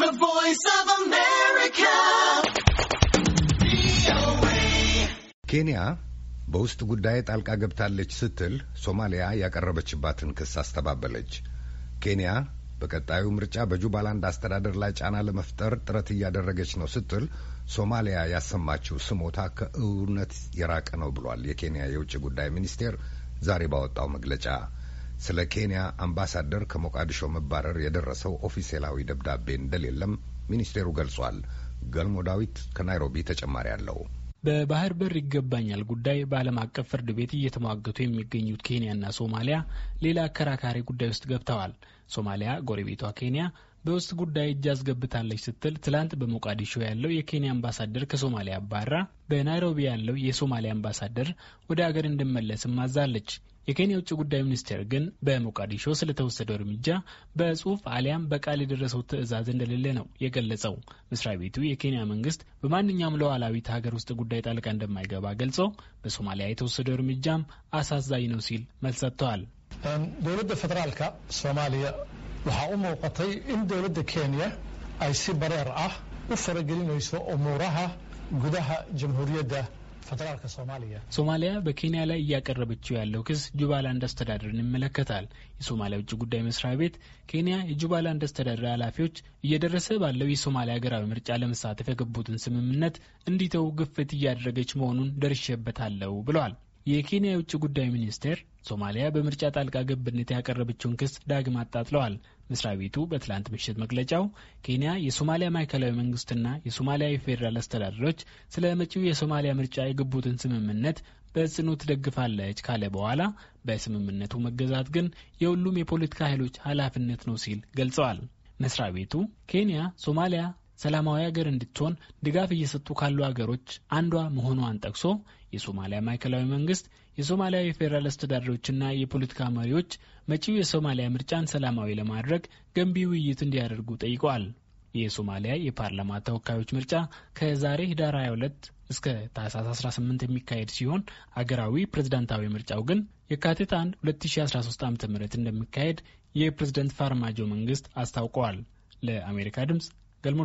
The Voice of America. ኬንያ በውስጥ ጉዳይ ጣልቃ ገብታለች ስትል ሶማሊያ ያቀረበችባትን ክስ አስተባበለች። ኬንያ በቀጣዩ ምርጫ በጁባላንድ አስተዳደር ላይ ጫና ለመፍጠር ጥረት እያደረገች ነው ስትል ሶማሊያ ያሰማችው ስሞታ ከእውነት የራቀ ነው ብሏል የኬንያ የውጭ ጉዳይ ሚኒስቴር ዛሬ ባወጣው መግለጫ። ስለ ኬንያ አምባሳደር ከሞቃዲሾ መባረር የደረሰው ኦፊሴላዊ ደብዳቤ እንደሌለም ሚኒስቴሩ ገልጿል። ገልሞ ዳዊት ከናይሮቢ ተጨማሪ አለው። በባህር በር ይገባኛል ጉዳይ በዓለም አቀፍ ፍርድ ቤት እየተሟገቱ የሚገኙት ኬንያና ሶማሊያ ሌላ አከራካሪ ጉዳይ ውስጥ ገብተዋል። ሶማሊያ ጎረቤቷ ኬንያ በውስጥ ጉዳይ እጅ አስገብታለች ስትል ትላንት በሞቃዲሾ ያለው የኬንያ አምባሳደር ከሶማሊያ አባራ፣ በናይሮቢ ያለው የሶማሊያ አምባሳደር ወደ አገር እንዲመለስም አዛለች። የኬንያ ውጭ ጉዳይ ሚኒስቴር ግን በሞቃዲሾ ስለተወሰደው እርምጃ በጽሁፍ አሊያም በቃል የደረሰው ትዕዛዝ እንደሌለ ነው የገለጸው። መስሪያ ቤቱ የኬንያ መንግስት በማንኛውም ሉዓላዊት ሀገር ውስጥ ጉዳይ ጣልቃ እንደማይገባ ገልጾ በሶማሊያ የተወሰደው እርምጃም አሳዛኝ ነው ሲል መልስ ሰጥተዋል። ዶላደ ፌደራልካ ሶማሊያ waxaa u muuqatay in dowladda kenya ay si bareer ah u faragelinayso umuuraha gudaha jamhuuriyadda ሶማሊያ በኬንያ ላይ እያቀረበችው ያለው ክስ ጁባላንድ አስተዳደርን ይመለከታል። የሶማሊያ ውጭ ጉዳይ መስሪያ ቤት ኬንያ የጁባላንድ አስተዳደር ኃላፊዎች እየደረሰ ባለው የሶማሊያ ሀገራዊ ምርጫ ለመሳተፍ የገቡትን ስምምነት እንዲተው ግፍት እያደረገች መሆኑን ደርሼበታለሁ ብለዋል። የኬንያ የውጭ ጉዳይ ሚኒስቴር ሶማሊያ በምርጫ ጣልቃ ገብነት ያቀረበችውን ክስ ዳግም አጣጥለዋል። መስሪያ ቤቱ በትላንት ምሽት መግለጫው ኬንያ የሶማሊያ ማዕከላዊ መንግስትና የሶማሊያ የፌዴራል አስተዳደሮች ስለ መጪው የሶማሊያ ምርጫ የገቡትን ስምምነት በጽኑ ትደግፋለች ካለ በኋላ በስምምነቱ መገዛት ግን የሁሉም የፖለቲካ ኃይሎች ኃላፊነት ነው ሲል ገልጸዋል። መስሪያ ቤቱ ኬንያ ሶማሊያ ሰላማዊ ሀገር እንድትሆን ድጋፍ እየሰጡ ካሉ ሀገሮች አንዷ መሆኗን ጠቅሶ የሶማሊያ ማዕከላዊ መንግስት የሶማሊያ የፌዴራል አስተዳደሮችና የፖለቲካ መሪዎች መጪው የሶማሊያ ምርጫን ሰላማዊ ለማድረግ ገንቢ ውይይት እንዲያደርጉ ጠይቀዋል። የሶማሊያ የፓርላማ ተወካዮች ምርጫ ከዛሬ ህዳር 22 እስከ ታህሳስ 18 የሚካሄድ ሲሆን አገራዊ ፕሬዝዳንታዊ ምርጫው ግን የካቲት 1 2013 ዓ ም እንደሚካሄድ የፕሬዝደንት ፋርማጆ መንግስት አስታውቀዋል። ለአሜሪካ ድምጽ ገልሞ